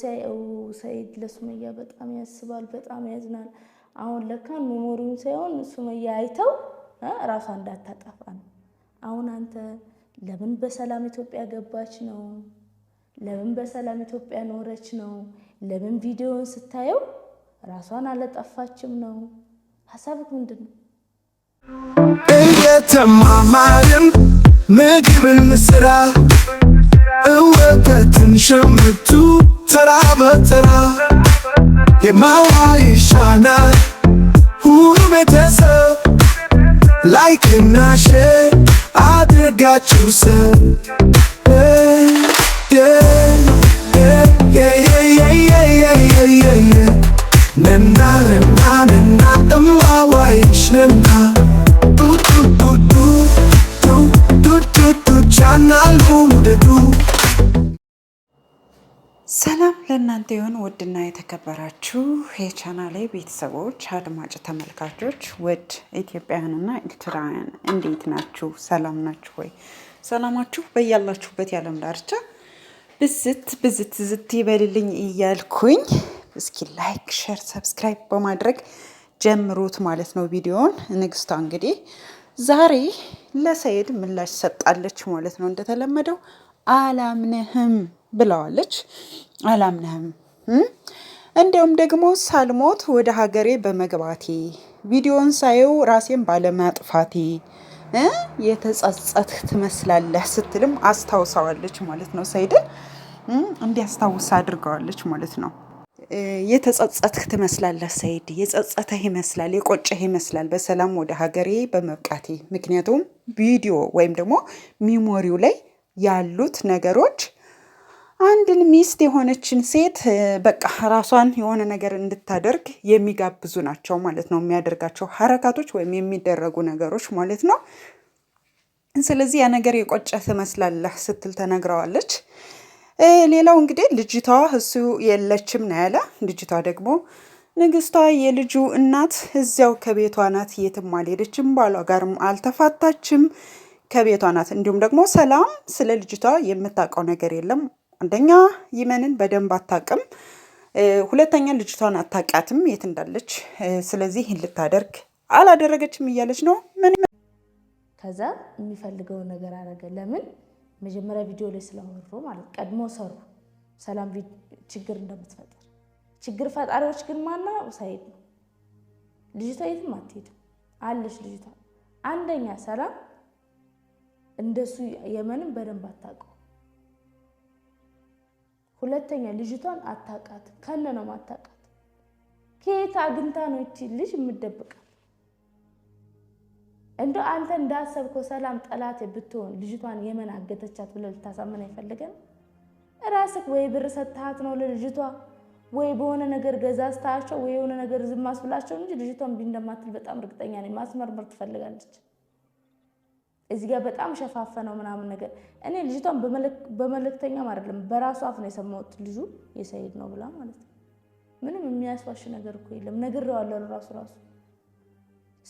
ሲያየው ሰኢድ ለሱመያ በጣም ያስባል፣ በጣም ያዝናል። አሁን ለካን ሜሞሪውን ሳይሆን ሱመያ አይተው ራሷ እንዳታጠፋ ነው። አሁን አንተ ለምን በሰላም ኢትዮጵያ ገባች ነው? ለምን በሰላም ኢትዮጵያ ኖረች ነው? ለምን ቪዲዮን ስታየው ራሷን አለጠፋችም ነው? ሀሳብ ምንድን ነው? እየተማማርን ምግብን ስራ እወተትን ሸምቱ ተራ በተራ የማዋ ይሻናል ሁሉ ቤተሰብ ላይክ እና ሼር አድርጋችሁ ሰብ ነናነናነና እማዋይሽነና ዱዱዱዱ ዱዱዱዱ ቻናል ሰላም ለእናንተ ይሁን ውድና የተከበራችሁ የቻናሌ ቤተሰቦች አድማጭ ተመልካቾች፣ ውድ ኢትዮጵያውያንና ኤርትራውያን እንዴት ናችሁ? ሰላም ናችሁ ወይ? ሰላማችሁ በያላችሁበት የዓለም ዳርቻ ብዝት ብዝት ዝት ይበልልኝ እያልኩኝ እስኪ ላይክ፣ ሸር፣ ሰብስክራይብ በማድረግ ጀምሩት ማለት ነው ቪዲዮውን። ንግስቷ እንግዲህ ዛሬ ለሰይድ ምላሽ ሰጣለች ማለት ነው። እንደተለመደው አላምንህም ብለዋለች። አላምነህም። እንዲሁም ደግሞ ሳልሞት ወደ ሀገሬ በመግባቴ ቪዲዮን ሳየው ራሴን ባለማጥፋቴ የተጸጸትህ ትመስላለህ ስትልም አስታውሳዋለች ማለት ነው። ሰይድን እንዲያስታውስ አድርገዋለች ማለት ነው። የተጸጸትህ ትመስላለህ ሰይድ፣ የጸጸተህ ይመስላል፣ የቆጨህ ይመስላል በሰላም ወደ ሀገሬ በመብቃቴ። ምክንያቱም ቪዲዮ ወይም ደግሞ ሚሞሪው ላይ ያሉት ነገሮች አንድን ሚስት የሆነችን ሴት በቃ ራሷን የሆነ ነገር እንድታደርግ የሚጋብዙ ናቸው ማለት ነው። የሚያደርጋቸው ሀረካቶች ወይም የሚደረጉ ነገሮች ማለት ነው። ስለዚህ ያ ነገር የቆጨ ትመስላለህ ስትል ተነግረዋለች። ሌላው እንግዲህ ልጅቷ እሱ የለችም ነው ያለ። ልጅቷ ደግሞ ንግስቷ የልጁ እናት እዚያው ከቤቷ ናት፣ የትም አልሄደችም፣ ባሏ ጋርም አልተፋታችም፣ ከቤቷ ናት። እንዲሁም ደግሞ ሰላም ስለ ልጅቷ የምታውቀው ነገር የለም አንደኛ ይመንን በደንብ አታውቅም፣ ሁለተኛ ልጅቷን አታውቃትም የት እንዳለች። ስለዚህ ይህን ልታደርግ አላደረገችም እያለች ነው። ምን ከዛ የሚፈልገውን ነገር አረገ ለምን መጀመሪያ ቪዲዮ ላይ ስለወሩ ማለት ቀድሞ ሰሩ ሰላም ችግር እንደምትፈጥር ችግር ፈጣሪዎች ግን ማና ሳይድ ነው። ልጅቷ የትም አትሄድም አለች። ልጅቷ አንደኛ ሰላም እንደሱ የመንም በደንብ አታውቀው ሁለተኛ ልጅቷን አታቃት ከነ ነው ማታቃት። ከየት አግኝታ ነው እቺ ልጅ የምደብቃት? እንደ አንተ እንዳሰብከው ሰላም ጠላት ብትሆን ልጅቷን የመን አገተቻት ብለህ ልታሳምን አይፈልገም። ራስህ ወይ ብር ሰጥሃት ነው ለልጅቷ ወይ በሆነ ነገር ገዛ ስታቸው ወይ የሆነ ነገር ዝም አስብላቸው እንጂ ልጅቷን ቢ እንደማትል በጣም እርግጠኛ ነኝ። ማስመርመር ትፈልጋለች። እዚህ ጋር በጣም ሸፋፈነው ምናምን ነገር። እኔ ልጅቷን በመልእክተኛም አይደለም በራሱ አፍ ነው የሰማሁት። ልጁ የሰይድ ነው ብላ ማለት ነው። ምንም የሚያስዋሽ ነገር እኮ የለም። ነግሬዋለሁ ራሱ ራሱ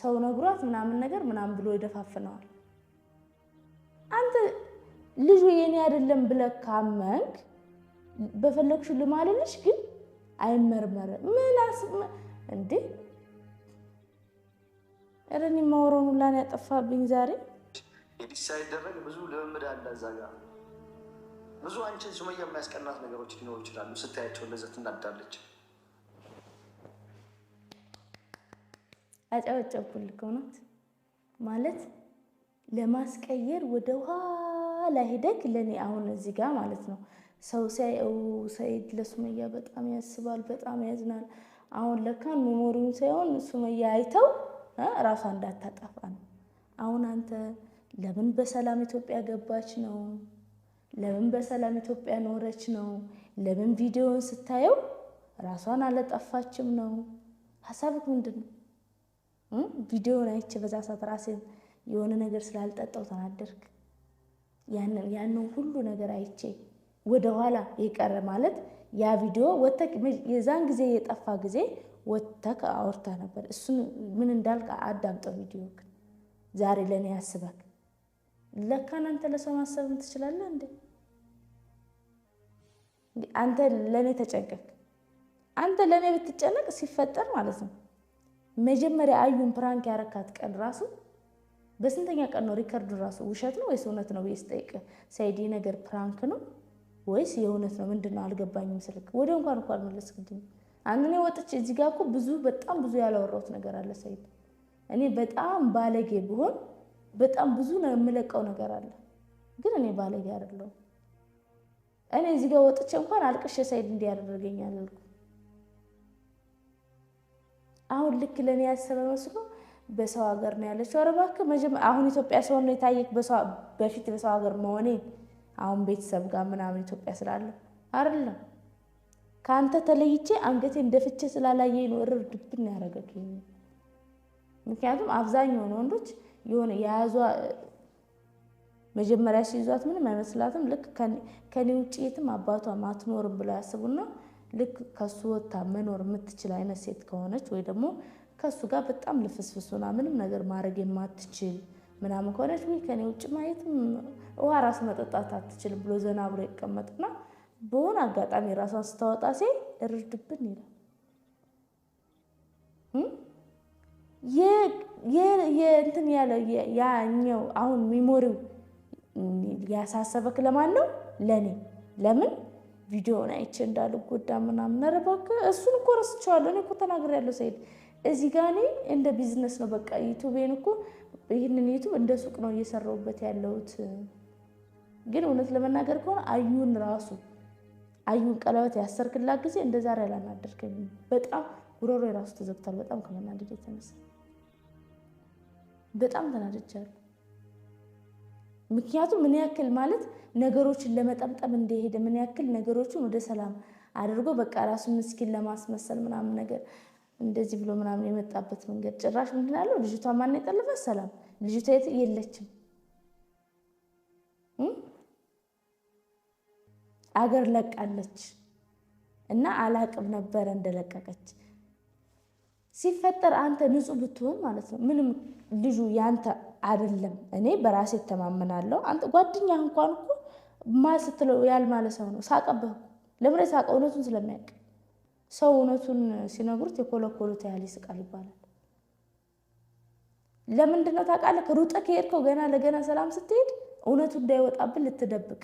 ሰው ነግሯት ምናምን ነገር ምናምን ብሎ ይደፋፍነዋል። አንተ ልጁ የኔ አይደለም ብለህ ካመንክ በፈለግሽው ልማልልሽ፣ ግን አይመርመር። ምን እንዴ! ረኒ ማወራውን ሁላ ያጠፋብኝ ዛሬ። ኤዲት ሳይደረግ ብዙ ልምምድ አለ እዛ ጋር ብዙ አንቺን ሱመያ የሚያስቀናት ነገሮች ሊኖሩ ይችላሉ። ስታያቸው ለዘት እናዳለች አጨበጨብኩ ልክ ማለት ለማስቀየር ወደ ኋላ ሄደግ ለእኔ አሁን እዚህ ጋር ማለት ነው ሰው ሲያየው ሰኢድ ለሱመያ በጣም ያስባል፣ በጣም ያዝናል። አሁን ለካን መሞሪውን ሳይሆን ሱመያ አይተው ራሷ እንዳታጠፋ ነው አሁን አንተ ለምን በሰላም ኢትዮጵያ ገባች ነው? ለምን በሰላም ኢትዮጵያ ኖረች ነው? ለምን ቪዲዮን ስታየው ራሷን አለጠፋችም ነው? ሀሳብህ ምንድን ነው? ቪዲዮን አይቼ በዛ ሰዓት ራሴን የሆነ ነገር ስላልጠጣው ተናደርክ። ያንን ሁሉ ነገር አይቼ ወደኋላ የቀረ ማለት ያ ቪዲዮ የዛን ጊዜ የጠፋ ጊዜ ወተክ አውርታ ነበር። እሱን ምን እንዳልክ አዳምጠው ቪዲዮ ዛሬ ለእኔ ያስበክ ለካ አንተ ለሰው ማሰብም ትችላለህ እንዴ? አንተ ለእኔ ተጨንቀክ። አንተ ለእኔ ብትጨነቅ ሲፈጠር ማለት ነው። መጀመሪያ አዩን ፕራንክ ያረካት ቀን ራሱ በስንተኛ ቀን ነው ሪከርዱ ራሱ ውሸት ነው ወይስ እውነት ነው ብዬ ስጠይቅ ሳይዲ ነገር ፕራንክ ነው ወይስ የእውነት ነው ምንድን ነው አልገባኝም። ስልክ ወዲያው እንኳን እኮ አልመለስክልኝም። አንድ እኔ ወጥቼ እዚህ ጋር እኮ ብዙ በጣም ብዙ ያላወራሁት ነገር አለ ሳይዲ። እኔ በጣም ባለጌ ብሆን በጣም ብዙ ነው የምለቀው ነገር አለ፣ ግን እኔ ባለጌ አይደለሁም። እኔ እዚህ ጋር ወጥቼ እንኳን አልቅሼ ሳይድ እንዲያደርገኝ አላልኩም። አሁን ልክ ለእኔ ያሰበ መስሎ በሰው ሀገር ነው ያለችው። ኧረ እባክህ አሁን ኢትዮጵያ ሲሆን ነው የታየክ። በፊት በሰው ሀገር መሆኔ አሁን ቤተሰብ ጋር ምናምን ኢትዮጵያ ስላለ አይደለም ከአንተ ተለይቼ አንገቴን ደፍቼ ስላላየኝ ነው እርር ድብን ያደረገችኝ። ምክንያቱም አብዛኛውን ወንዶች የሆነ የያዟ መጀመሪያ ሲይዟት ምንም አይመስላትም። ልክ ከኔ ውጭ የትም አባቷ አትኖርም ብለው ያስቡና ልክ ከሱ ወታ መኖር የምትችል አይነት ሴት ከሆነች ወይ ደግሞ ከሱ ጋር በጣም ልፍስፍሱና ምንም ነገር ማድረግ የማትችል ምናምን ከሆነች ወይ ከኔ ውጭ ማየትም ውሃ ራስ መጠጣት አትችልም ብሎ ዘና ብሎ ይቀመጥና በሆነ አጋጣሚ ራሷን ስታወጣ ሴ እርድብን ይላል። የእንትን ያለ ያኛው አሁን ሚሞሪው ያሳሰበክ ለማን ነው? ለእኔ። ለምን ቪዲዮን አይቼ እንዳልጎዳ ምናምን። ኧረ እባክህ እሱን እኮ ረስቸዋለሁ። እኔ እኮ ተናግሬያለሁ። ሰይድ እዚህ ጋ እኔ እንደ ቢዝነስ ነው በቃ ዩቱቤን እኮ ይህንን ዩቱብ እንደ ሱቅ ነው እየሰራሁበት ያለሁት። ግን እውነት ለመናገር ከሆነ አዩን ራሱ አዩን ቀለበት ያሰርክላት ጊዜ እንደዛሬ አላናደርከኝም። በጣም ጉሮሮ የራሱ ተዘግቷል፣ በጣም ከመናደድ የተነሳ በጣም ተናድጃለሁ። ምክንያቱም ምን ያክል ማለት ነገሮችን ለመጠምጠም እንደሄደ ምን ያክል ነገሮችን ወደ ሰላም አድርጎ በቃ ራሱ ምስኪን ለማስመሰል ምናምን ነገር እንደዚህ ብሎ ምናምን የመጣበት መንገድ ጭራሽ ምንድን ያለው ልጅቷ ማን የጠለፈ ሰላም ልጅቷ የለችም አገር ለቃለች እና አላቅም ነበረ እንደለቀቀች ሲፈጠር አንተ ንጹህ ብትሆን ማለት ነው ምንም ልጁ ያንተ አይደለም። እኔ በራሴ እተማመናለሁ። አንተ ጓደኛ እንኳን እኮ ማ ስትለው ያልማለ ሰው ነው። ሳቀብህ ለምን ሳቀ? እውነቱን ስለሚያውቅ ሰው እውነቱን ሲነግሩት የኮለኮሉት ያህል ይስቃል ይባላል። ለምንድነው ታውቃለህ? ሩጠ ከሄድከው ገና ለገና ሰላም ስትሄድ እውነቱ እንዳይወጣብን ልትደብቅ።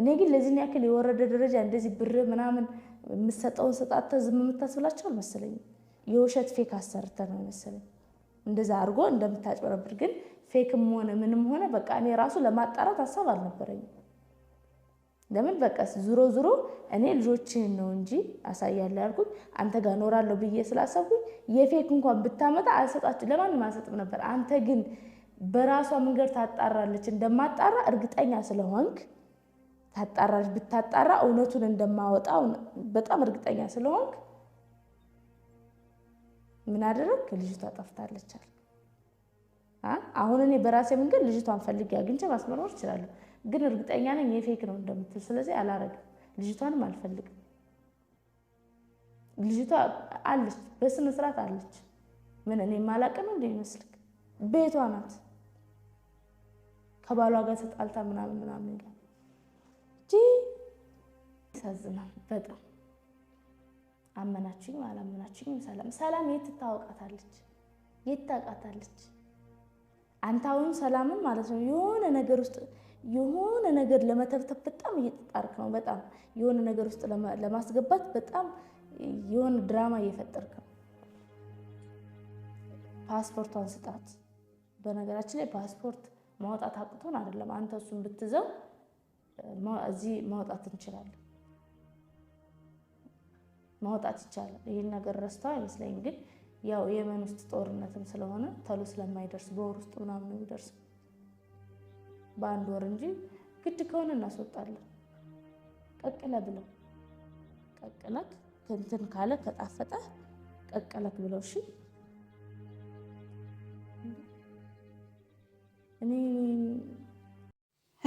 እኔ ግን ለዚህን ያክል የወረደ ደረጃ እንደዚህ ብር ምናምን የምሰጠውን ሰጣተ ዝም የምታስብላቸው አልመሰለኝም። የውሸት ፌክ አሰርተ ነው ይመስለኝ እንደዛ አድርጎ እንደምታጭበረብር ግን ፌክም ሆነ ምንም ሆነ በቃ እኔ ራሱ ለማጣራት ሀሳብ አልነበረኝም። ለምን በቃ ዙሮ ዙሮ እኔ ልጆችህን ነው እንጂ አሳያለሁ ያልኩት አንተ ጋር እኖራለሁ ብዬ ስላሰብኩኝ የፌክ እንኳን ብታመጣ አልሰጣችሁ ለማንም አልሰጥም ነበር። አንተ ግን በራሷ መንገድ ታጣራለች እንደማጣራ እርግጠኛ ስለሆንክ ታጣራለች፣ ብታጣራ እውነቱን እንደማወጣ በጣም እርግጠኛ ስለሆንክ ምን አደረግ ልጅቷ ጠፍታለች አለ። አሁን እኔ በራሴ መንገድ ልጅቷን ፈልጌ አግኝቼ ማስመርመር እችላለሁ፣ ግን እርግጠኛ ነኝ የፌክ ነው እንደምትል። ስለዚህ አላረግም፣ ልጅቷንም አልፈልግም። ልጅቷ አለች፣ በስነ ስርዓት አለች። ምን እኔ ማላቅ ነው እንደሚመስልክ ቤቷ ናት። ከባሏ ጋር ተጣልታ ምናምን ምናምን ይላል። ይሳዝናል በጣም አመናችኝም አላመናችኝም ሰላም ሰላም የት ትታወቃታለች? የት ታውቃታለች? አንተ አሁን ሰላምን ማለት ነው የሆነ ነገር ውስጥ የሆነ ነገር ለመተብተብ በጣም እየተጣርክ ነው። በጣም የሆነ ነገር ውስጥ ለማስገባት በጣም የሆነ ድራማ እየፈጠርክ ነው። ፓስፖርቷን ስጣት። በነገራችን ላይ ፓስፖርት ማውጣት አቅቶን አይደለም። አንተ እሱን ብትዘው እዚህ ማውጣት እንችላለን። ማውጣት ይቻላል። ይህን ነገር ረስተው አይመስለኝም። ግን ያው የመን ውስጥ ጦርነትም ስለሆነ ተሎ ስለማይደርስ በወር ውስጥ ምናምን የሚደርስ በአንድ ወር እንጂ ግድ ከሆነ እናስወጣለን። ቀቅለ ብለው ቀቅለክ ትንትን ካለ ከጣፈጠ ቀቅለክ ብለው እሺ። እኔ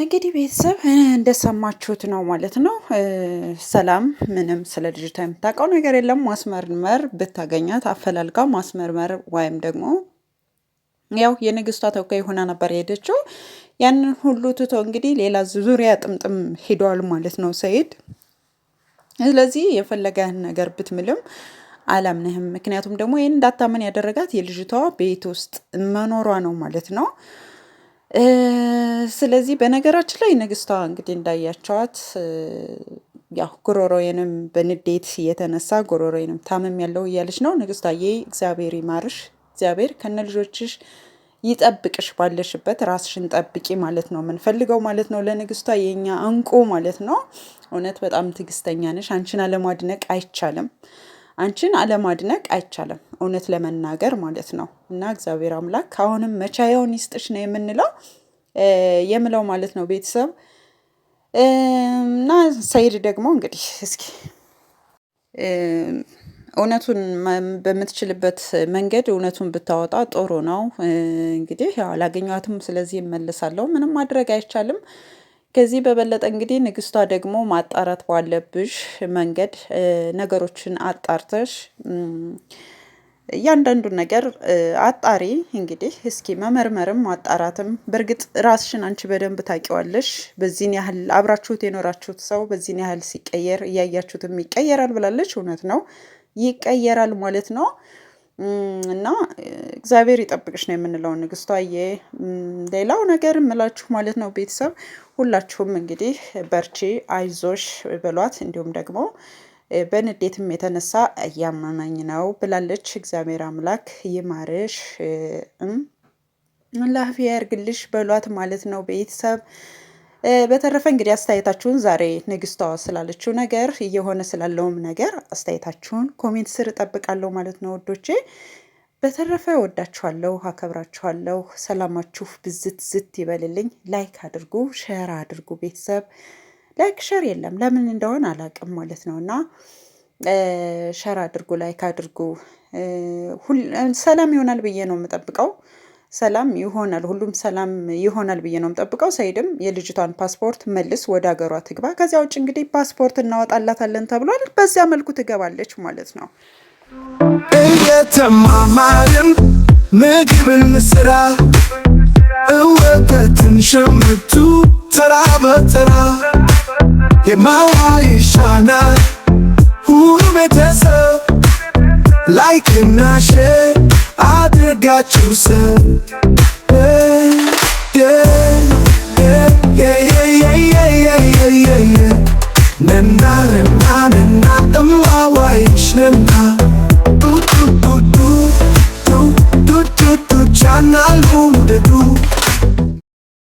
እንግዲህ ቤተሰብ እንደሰማችሁት ነው ማለት ነው። ሰላም ምንም ስለ ልጅቷ የምታውቀው ነገር የለም። ማስመርመር ብታገኛት አፈላልጋ ማስመርመር ወይም ደግሞ ያው የንግስቷ ተወካይ ሆና ነበር የሄደችው። ያንን ሁሉ ትቶ እንግዲህ ሌላ ዙሪያ ጥምጥም ሄደዋል ማለት ነው ሰኢድ። ስለዚህ የፈለገህን ነገር ብትምልም አላምንህም። ምክንያቱም ደግሞ ይህን እንዳታመን ያደረጋት የልጅቷ ቤት ውስጥ መኖሯ ነው ማለት ነው። ስለዚህ በነገራችን ላይ ንግስቷ እንግዲህ እንዳያቸዋት ያው ጉሮሮዬንም በንዴት እየተነሳ ጉሮሮዬንም ታመም ያለው እያለች ነው። ንግስቷዬ እግዚአብሔር ይማርሽ፣ እግዚአብሔር ከነ ልጆችሽ ይጠብቅሽ፣ ባለሽበት ራስሽን ጠብቂ ማለት ነው የምንፈልገው ማለት ነው። ለንግስቷ የኛ እንቁ ማለት ነው። እውነት በጣም ትዕግስተኛ ነሽ። አንቺን አለማድነቅ አይቻልም። አንቺን አለማድነቅ አይቻልም፣ እውነት ለመናገር ማለት ነው። እና እግዚአብሔር አምላክ አሁንም መቻየውን ይስጥሽ ነው የምንለው የምለው ማለት ነው ቤተሰብ እና ሰይድ ደግሞ እንግዲህ እስኪ እውነቱን በምትችልበት መንገድ እውነቱን ብታወጣ ጥሩ ነው። እንግዲህ ያው አላገኘኋትም፣ ስለዚህ እመልሳለሁ። ምንም ማድረግ አይቻልም። ከዚህ በበለጠ እንግዲህ ንግስቷ ደግሞ ማጣራት ባለብሽ መንገድ ነገሮችን አጣርተሽ እያንዳንዱን ነገር አጣሪ። እንግዲህ እስኪ መመርመርም ማጣራትም በእርግጥ ራስሽን አንቺ በደንብ ታውቂዋለሽ። በዚህን ያህል አብራችሁት የኖራችሁት ሰው በዚህን ያህል ሲቀየር እያያችሁትም ይቀየራል ብላለች። እውነት ነው፣ ይቀየራል ማለት ነው። እና እግዚአብሔር ይጠብቅሽ ነው የምንለው ንግስቷዬ። ሌላው ነገር እምላችሁ ማለት ነው ቤተሰብ ሁላችሁም እንግዲህ በርቺ፣ አይዞሽ በሏት። እንዲሁም ደግሞ በንዴትም የተነሳ እያመመኝ ነው ብላለች። እግዚአብሔር አምላክ ይማርሽ ላፊያ ያርግልሽ በሏት ማለት ነው ቤተሰብ በተረፈ እንግዲህ አስተያየታችሁን ዛሬ ንግስቷ ስላለችው ነገር እየሆነ ስላለውም ነገር አስተያየታችሁን ኮሜንት ስር እጠብቃለሁ ማለት ነው ወዶቼ። በተረፈ ወዳችኋለሁ፣ አከብራችኋለሁ። ሰላማችሁ ብዝት ዝት ይበልልኝ። ላይክ አድርጉ፣ ሸር አድርጉ። ቤተሰብ ላይክ ሸር የለም ለምን እንደሆነ አላውቅም ማለት ነው እና ሸር አድርጉ፣ ላይክ አድርጉ። ሰላም ይሆናል ብዬ ነው የምጠብቀው። ሰላም ይሆናል፣ ሁሉም ሰላም ይሆናል ብዬ ነው የምጠብቀው። ሰይድም የልጅቷን ፓስፖርት መልስ ወደ ሀገሯ ትግባ፣ ከዚያ ውጭ እንግዲህ ፓስፖርት እናወጣላታለን ተብሏል። በዚያ መልኩ ትገባለች ማለት ነው። እየተማማርን ምግብን ስራ እወተትን ሸምቱ ተራ በተራ የማዋ ይሻናል ሁሉ ቤተሰብ ላይክና ሼር I did got you set. Yeah, yeah, yeah, yeah, yeah, yeah, yeah, yeah, yeah, yeah, yeah. Nena, nena, ish nena. Do, do, do, do, do, do, do, do, do, do, do